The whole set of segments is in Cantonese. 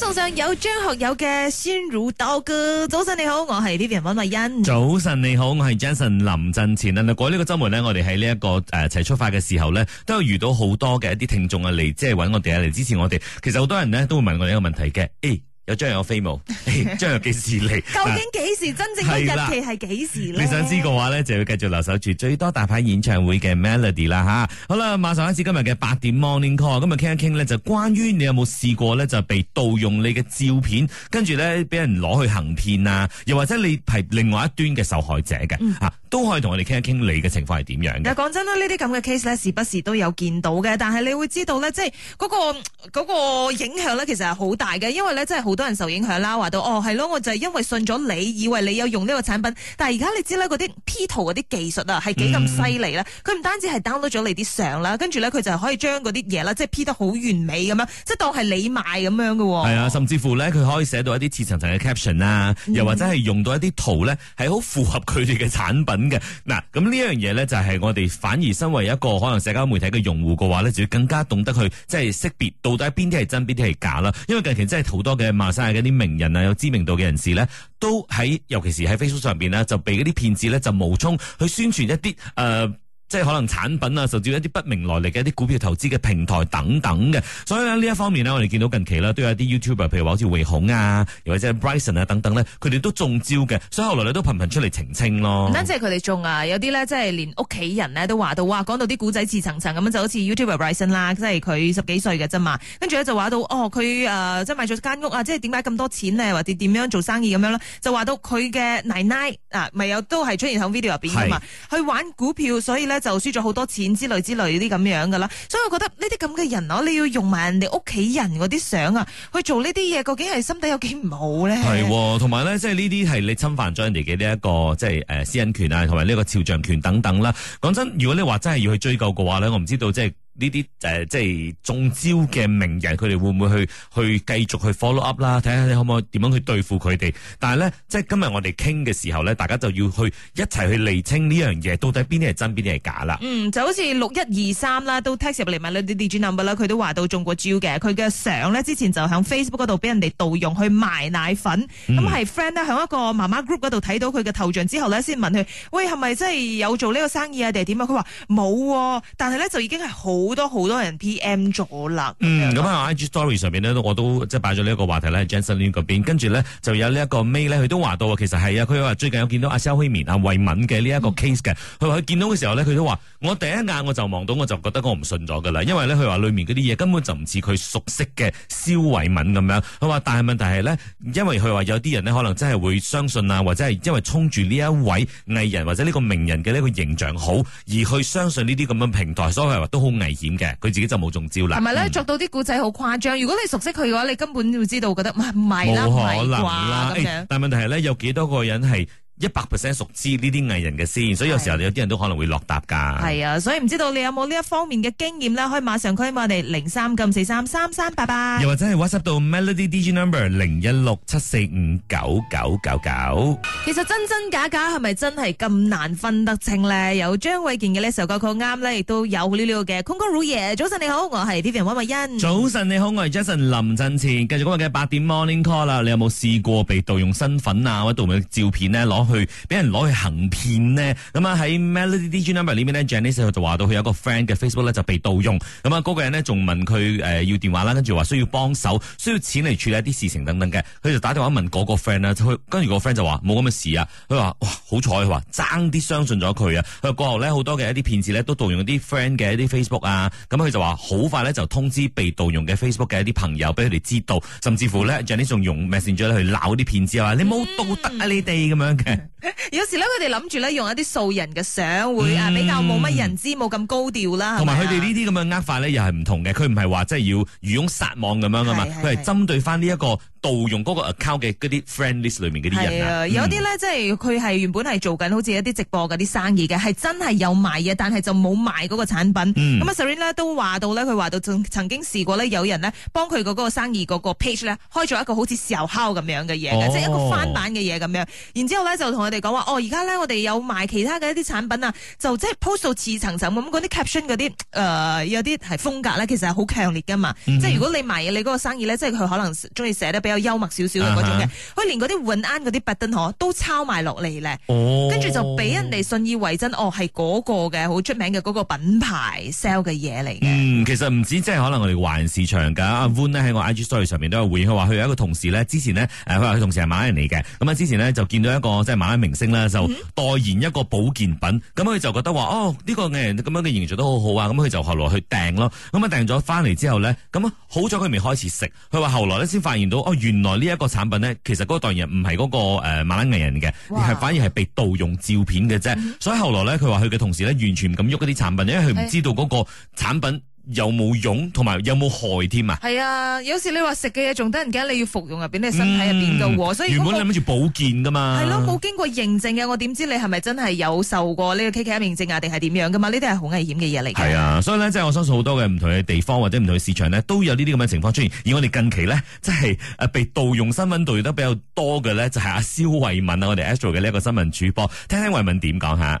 送上有張學友嘅《酸乳多歌》。早晨你好，我係 Living 溫麗欣。早晨你好，我係 Jason 林振前啊。嗱，呢個周末咧，我哋喺呢一個誒，齊、呃、出發嘅時候咧，都有遇到好多嘅一啲聽眾啊，嚟即係揾我哋啊，嚟支持我哋。其實好多人咧都會問我哋一個問題嘅將有飛舞，將有幾時嚟？ 究竟幾時、啊、真正嘅日期係幾時？你想知嘅話咧，就要繼續留守住最多大牌演唱會嘅 Melody 啦嚇、啊。好啦，馬上開始今日嘅八點 Morning Call，今日傾一傾咧，就是、關於你有冇試過咧就被盜用你嘅照片，跟住咧俾人攞去行騙啊，又或者你係另外一端嘅受害者嘅嚇、嗯啊，都可以同我哋傾一傾你嘅情況係點樣嘅。但講、嗯、真啦，呢啲咁嘅 case 咧，時不時都有見到嘅，但係你會知道咧，即係嗰個影響咧，其實係好大嘅，因為咧真係好多人受影響啦，話到哦，係咯，我就係因為信咗你，以為你有用呢個產品，但係而家你知啦，嗰啲 P 圖嗰啲技術啊，係幾咁犀利啦。佢唔單止係 download 咗你啲相啦，跟住咧佢就係可以將嗰啲嘢啦，即係 P 得好完美咁樣，即係當係你賣咁樣嘅喎。係啊，甚至乎咧，佢可以寫到一啲似層層嘅 caption 啊，又或者係用到一啲圖咧，係好符合佢哋嘅產品嘅嗱。咁、嗯、呢樣嘢咧，就係、是、我哋反而身為一個可能社交媒體嘅用戶嘅話咧，就要更加懂得去即係、就是、識別到底邊啲係真，邊啲係假啦。因為近期真係好多嘅嗰啲名人啊，有知名度嘅人士咧，都喺，尤其是喺 Facebook 上邊咧，就被嗰啲騙子咧，就冒充去宣傳一啲，誒、呃。即係可能產品啊，甚至一啲不明來歷嘅一啲股票投資嘅平台等等嘅，所以呢一方面呢，我哋見到近期呢，都有啲 YouTuber，譬如話好似衞紅啊，又或者係 Bryson 啊等等呢，佢哋都中招嘅，所以後來咧都頻頻出嚟澄清咯。唔單止佢哋中啊，有啲呢，即係連屋企人呢都話到，哇，講到啲古仔似層層咁樣，就好似 YouTuber Bryson 啦，即係佢十幾歲嘅啫嘛。跟住咧就話到，哦，佢誒、呃、即係買咗間屋啊，即係點解咁多錢咧，或者點樣做生意咁樣咧，就話到佢嘅奶奶咪、啊、有都係出現喺 video 入邊嘛，是去玩股票，所以呢。就輸咗好多錢之類之類啲咁樣㗎啦，所以我覺得呢啲咁嘅人哦，你要用埋人哋屋企人嗰啲相啊去做呢啲嘢，究竟係心底有幾唔好咧？係，同埋咧，即係呢啲係你侵犯咗人哋嘅呢一個即係誒私隱權啊，同埋呢個肖像權等等啦。講真，如果你話真係要去追究嘅話咧，我唔知道即係。呢啲誒，即係中招嘅名人，佢哋會唔會去去繼續去 follow up 啦？睇下你可唔可以點樣去對付佢哋？但係咧，即係今日我哋傾嘅時候咧，大家就要去一齊去厘清呢樣嘢，到底邊啲係真，邊啲係假啦？嗯，就好似六一二三啦，都 text 入嚟問啦啲啲專案噶，佢都話到中過招嘅。佢嘅相咧之前就響 Facebook 度俾人哋盜用去賣奶粉。咁係、嗯、friend 咧，響一個媽媽 group 度睇到佢嘅頭像之後咧，先問佢，喂，係咪真係有做呢個生意啊？定係點啊？佢話：「冇，但係咧就已經係好。好多好多人 PM 咗啦。嗯，咁啊、嗯嗯，IG Story 上邊呢，我都即係擺咗呢一個話題咧，係 Jasmine 嗰邊。跟住咧就有呢一個 May 咧，佢都話到其實係啊。佢話最近有見到阿蕭、啊、惠敏、阿惠敏嘅呢一個 case 嘅。佢話佢見到嘅時候呢，佢都話我第一眼我就望到，我就覺得我唔信咗噶啦。因為呢，佢話裏面嗰啲嘢根本就唔似佢熟悉嘅肖惠敏咁樣。佢話但係問題係呢，因為佢話有啲人呢，可能真係會相信啊，或者係因為衝住呢一位藝人或者呢個名人嘅呢個形象好，而去相信呢啲咁嘅平台，所以話都好危。危險嘅，佢自己就冇中招啦。係咪咧？嗯、作到啲古仔好誇張。如果你熟悉佢嘅話，你根本就會知道，覺得哇唔係啦，冇可能啦咁、欸、但問題係咧，有幾多個人係？一百 percent 熟知呢啲藝人嘅先，所以有時候有啲人都可能會落搭㗎。係啊，所以唔知道你有冇呢一方面嘅經驗咧，可以馬上 call 埋我哋零三咁四三三三八八。又或者係 WhatsApp 到 Melody DJ Number 零一六七四五九九九九。其實真真假假係咪真係咁難分得清咧？有張衛健嘅呢首歌曲啱咧，亦都有料啲嘅。空空如也早晨你好，我係 Tiffany 温慧欣。早晨你好，我係 Jason 林振前。跟住今日嘅八點 Morning Call 啦，你有冇試過被盜用身份啊或者盜用照片呢？攞？去俾人攞去行騙呢。咁啊喺 Melody D G Number 裏面呢 Janice 就話到佢有個 friend 嘅 Facebook 咧就被盜用，咁啊嗰個人呢仲問佢誒要電話啦，跟住話需要幫手，需要錢嚟處理一啲事情等等嘅，佢就打電話問嗰個 friend 啦，跟住個 friend 就話冇咁嘅事啊，佢話哇好彩佢話爭啲相信咗佢啊，佢過後呢，好多嘅一啲騙子呢都盜用啲 friend 嘅一啲 Facebook 啊，咁佢就話好快呢就通知被盜用嘅 Facebook 嘅一啲朋友俾佢哋知道，甚至乎呢 Janice 仲用 Messenger 去鬧啲騙子，話你冇道德啊你哋咁樣嘅。 有時咧，佢哋諗住咧用一啲素人嘅相會啊，比較冇乜人知，冇咁、嗯、高調啦。同埋佢哋呢啲咁嘅呃法咧，又係唔同嘅。佢唔係話即係要漁翁撒網咁樣啊嘛，佢係針對翻呢一個盜、嗯、用嗰個 account 嘅嗰啲 friend list 裏面嗰啲人、啊、有啲咧、嗯、即係佢係原本係做緊好似一啲直播嗰啲生意嘅，係真係有賣嘢，但係就冇賣嗰個產品。咁啊 s i r n 咧都話到咧，佢話到曾曾經試過咧，有人咧幫佢個嗰個生意嗰個 page 咧開咗一個好似試油烤咁樣嘅嘢，即係一個翻版嘅嘢咁樣。然之後咧就。同佢哋講話哦，而家咧我哋有賣其他嘅一啲產品啊，就即係 post 到次層層咁，嗰啲 caption 嗰啲誒、呃，有啲係風格咧，其實係好強烈噶嘛。Mm hmm. 即係如果你賣你嗰個生意咧，即係佢可能中意寫得比較幽默少少嘅嗰種嘅，佢、uh huh. 連嗰啲換鞍嗰啲筆墩嗬都抄埋落嚟咧，跟住、oh. 就俾人哋信以為真。哦，係嗰個嘅好出名嘅嗰個品牌 sell 嘅嘢嚟嘅。其實唔止即係可能我哋華人市場噶。Van 咧喺我 IG story 上面都有回應，佢話佢有一個同事咧，之前咧佢話佢同事係馬人嚟嘅，咁啊之前咧就見到一個馬拉明星咧就代言一個保健品，咁佢、mm hmm. 就覺得話哦呢、這個藝人咁樣嘅形象都好好啊，咁佢就後來去訂咯，咁啊訂咗翻嚟之後咧，咁啊好彩佢未開始食，佢話後來咧先發現到哦原來呢一個產品咧其實嗰個代言人唔係嗰個誒馬拉藝人嘅，哇而係反而係被盜用照片嘅啫，mm hmm. 所以後來咧佢話佢嘅同事咧完全唔敢喐嗰啲產品，因為佢唔知道嗰個產品。有冇用同埋有冇害添啊？係啊，有時你話食嘅嘢仲得人驚，你要服用入邊，你身體入邊噶，嗯、所以如果原本諗住保健噶嘛。係咯、啊，冇經過認證嘅，我點知你係咪真係有受過呢個 K K I 認證啊？定係點樣噶嘛？呢啲係好危險嘅嘢嚟。係啊，所以咧，即係我相信好多嘅唔同嘅地方或者唔同嘅市場咧，都有呢啲咁嘅情況出現。而我哋近期咧，即係誒被盜用新聞盜用得比較多嘅咧，就係阿肖慧敏啊，我哋 Astro 嘅呢一個新聞主播，聽聽慧敏點講下。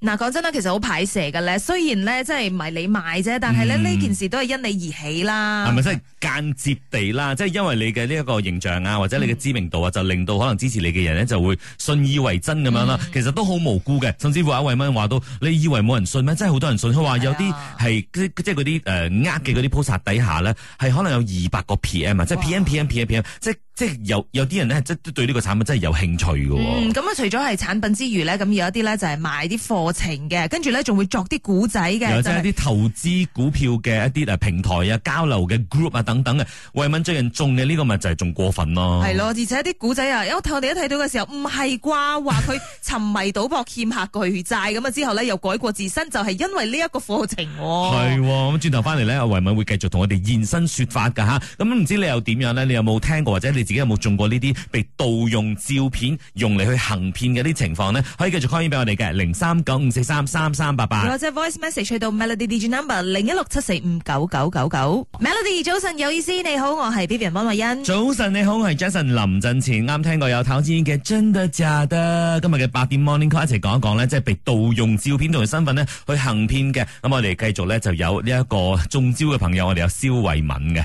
嗱，講真啦，其實好排蛇嘅咧，雖然咧，即係唔係你賣啫，但係咧呢件事都係因你而起啦。係咪真係間接地啦？即係因為你嘅呢一個形象啊，或者你嘅知名度啊，嗯、就令到可能支持你嘅人咧就會信以為真咁樣啦。嗯、其實都好無辜嘅，甚至乎阿偉文話到，你以為冇人信咩？真係好多人信。佢話、啊、有啲係即係嗰啲誒呃嘅嗰啲鋪殺底下咧，係、嗯、可能有二百個 PM 啊哇，即係 PM PM PM PM 即。即係有有啲人咧，即都對呢個產品真係有興趣嘅、哦。嗯，咁啊，除咗係產品之餘咧，咁有一啲咧就係賣啲課程嘅，跟住咧仲會作啲古仔嘅。即係啲投資股票嘅一啲誒平台啊、交流嘅 group 啊等等嘅。慧敏最近中嘅呢個咪就係仲過分咯、啊。係咯，而且啲古仔啊，因為我哋一睇到嘅時候，唔係啩話佢沉迷賭博欠下巨債，咁啊 之後咧又改過自身，就係、是、因為呢一個課程、哦。係，咁轉頭翻嚟咧，阿慧敏會繼續同我哋現身説法㗎吓，咁唔 知你又點樣咧？你有冇聽過或者你？自己有冇中過呢啲被盜用照片用嚟去行騙嘅啲情況呢？可以繼續開 a 俾我哋嘅零三九五四三三三八八，或者 voice message 去到 Melody d Number 零一六七四五九九九九。Melody 早晨有意思，你好，我係 B B 蒙慧欣。早晨你好，我係 Jason 林振前。啱聽過有投資嘅，真的假的？J anda J anda 今日嘅八點 Morning Call 一齊講一講呢，即係被盜用照片同埋身份呢去行騙嘅。咁我哋繼續呢，就有呢一個中招嘅朋友，我哋有肖慧敏嘅。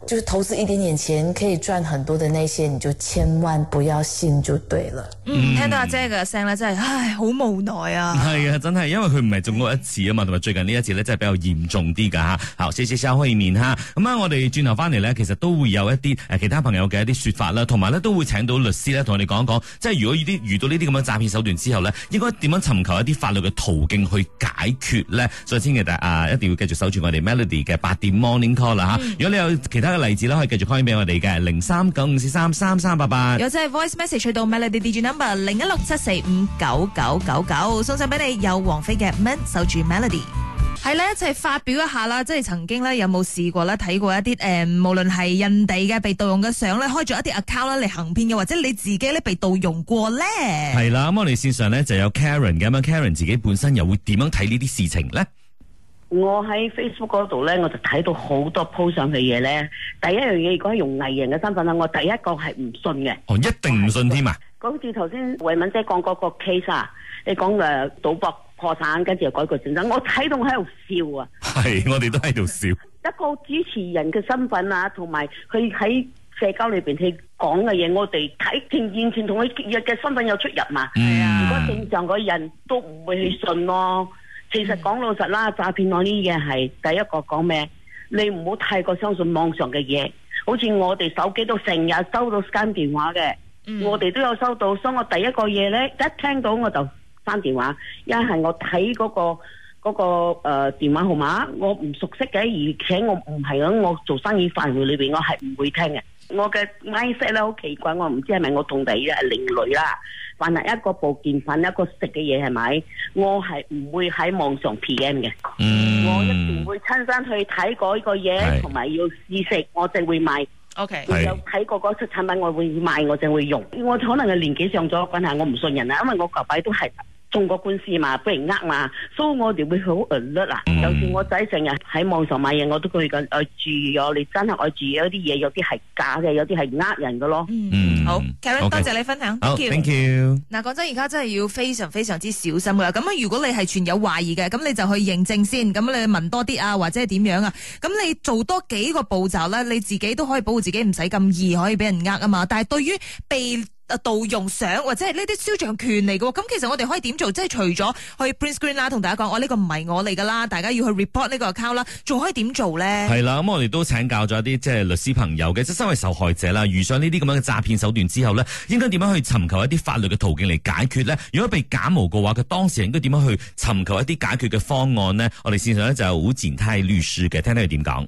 就是投資一點點錢可以賺很多的那些，你就千萬不要信就對了。嗯，聽到阿姐嘅聲真係唉，好無奈啊！係啊，真係，因為佢唔係中過一次啊嘛，同埋最近呢一次呢，真係比較嚴重啲噶吓。好，謝謝撕可以面吓。咁、嗯、我哋轉頭返嚟呢，其實都會有一啲其他朋友嘅一啲說法啦，同埋呢都會請到律師呢，同我哋講一講，即係如果些遇到呢啲咁嘅詐騙手段之後呢，應該點樣尋求一啲法律嘅途徑去解決呢？所以千祈大家、啊、一定要繼續守住我哋 Melody 嘅八點 Morning Call 啦、啊、吓。嗯、如果你有其他，例子啦，可以繼續開俾我哋嘅零三九五四三三三八八，有即係 voice message 去到 Melody D J number 零一六七四五九九九九，送上俾你有王菲嘅 men 守住 Melody，係啦，一齊發表一下啦，即係曾經咧有冇試過咧睇過一啲誒，無論係人哋嘅被盜用嘅相咧，開咗一啲 account 啦嚟行騙嘅，或者你自己咧被盜用過咧，係啦，咁我哋線上咧就有 Karen 嘅咁樣，Karen 自己本身又會點樣睇呢啲事情咧？我喺 Facebook 嗰度咧，我就睇到好多 po 上嘅嘢咧。第一樣嘢，如果係用藝人嘅身份咧，我第一個係唔信嘅。哦，一定唔信添啊！嗰好似頭先惠敏姐講嗰個 case 啊，你講誒賭博破產，跟住又改過自新。我睇到我喺度笑啊！係，我哋都喺度笑。一個主持人嘅身份啊，同埋佢喺社交裏邊去講嘅嘢，我哋睇完全同佢職業嘅身份有出入嘛？嗯。如果正常嘅人都唔會去信咯。其實講老實啦，詐騙案呢嘢係第一個講咩？你唔好太過相信網上嘅嘢，好似我哋手機都成日收到間電話嘅，嗯、我哋都有收到，所以我第一個嘢呢，一聽到我就翻電話，一係我睇嗰個。嗰個誒電話號碼，我唔熟悉嘅，而且我唔係喺我做生意範圍裏邊，我係唔會聽嘅。我嘅 eyes 咧好奇怪，我唔知係咪我同你嘅另類啦，還係一個保健品，一個食嘅嘢係咪？我係唔會喺網上 PM 嘅，我一定會親身去睇嗰個嘢，同埋要試食，我就會買。OK，有睇過嗰出產品，我會買，我就會用。我可能係年紀上咗，關係我唔信人啦，因為我舊底都係。中國官司嘛，俾人呃嘛，所以我哋會好 alert 啊！嗯、就算我仔成日喺網上買嘢，我都佢嘅，我你注意我哋真係我注意啲嘢，有啲係假嘅，有啲係呃人嘅咯。嗯、好 Karen 多謝你分享好，thank you。嗱，講真，而家真係要非常非常之小心嘅。咁如果你係存有懷疑嘅，咁你就去認證先。咁你問多啲啊，或者係點樣啊？咁你做多幾個步驟咧，你自己都可以保護自己，唔使咁易可以俾人呃啊嘛。但係對於被盜用相或者係呢啲肖像權嚟喎。咁其實我哋可以點做？即係除咗去 print screen 啦，同大家講，哦這個，我呢個唔係我嚟噶啦，大家要去 report 呢個 account 啦，仲可以點做咧？係啦，咁我哋都請教咗一啲即係律師朋友嘅，即係身為受害者啦，遇上呢啲咁樣嘅詐騙手段之後咧，應該點樣去尋求一啲法律嘅途徑嚟解決咧？如果被假冒嘅話，佢當事人應該點樣去尋求一啲解決嘅方案呢？我哋線上咧就有伍賢泰律師嘅，聽聽佢點講。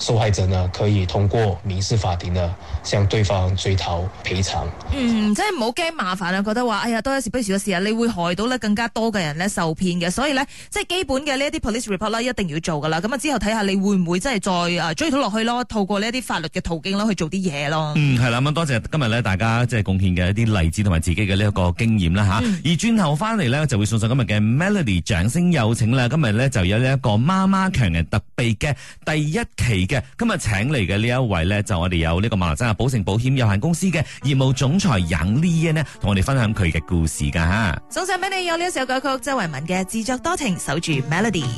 受害者呢，可以通過民事法庭呢，向對方追討賠償。嗯，即係唔好驚麻煩啊，覺得話，哎呀，多一事不如少一事啊，你會害到呢更加多嘅人呢受騙嘅。所以呢，即係基本嘅呢一啲 police report 啦，一定要做噶啦。咁啊，之後睇下你會唔會真係再啊追討落去咯，透過呢一啲法律嘅途徑咯去做啲嘢咯。嗯，係啦，咁多謝今日呢，大家即係貢獻嘅一啲例子同埋自己嘅呢一個經驗啦吓。嗯、而轉頭翻嚟呢，就會送上今日嘅 Melody 掌聲有請啦。今日呢，就有呢一個媽媽強人特備嘅第一期。嘅今日請嚟嘅呢一位咧，就我哋有呢個馬來西亞保誠保險有限公司嘅業務總裁任莉恩咧，同我哋分享佢嘅故事噶吓。送上俾你有呢一首歌曲，周慧敏嘅自作多情守，守住 Melody。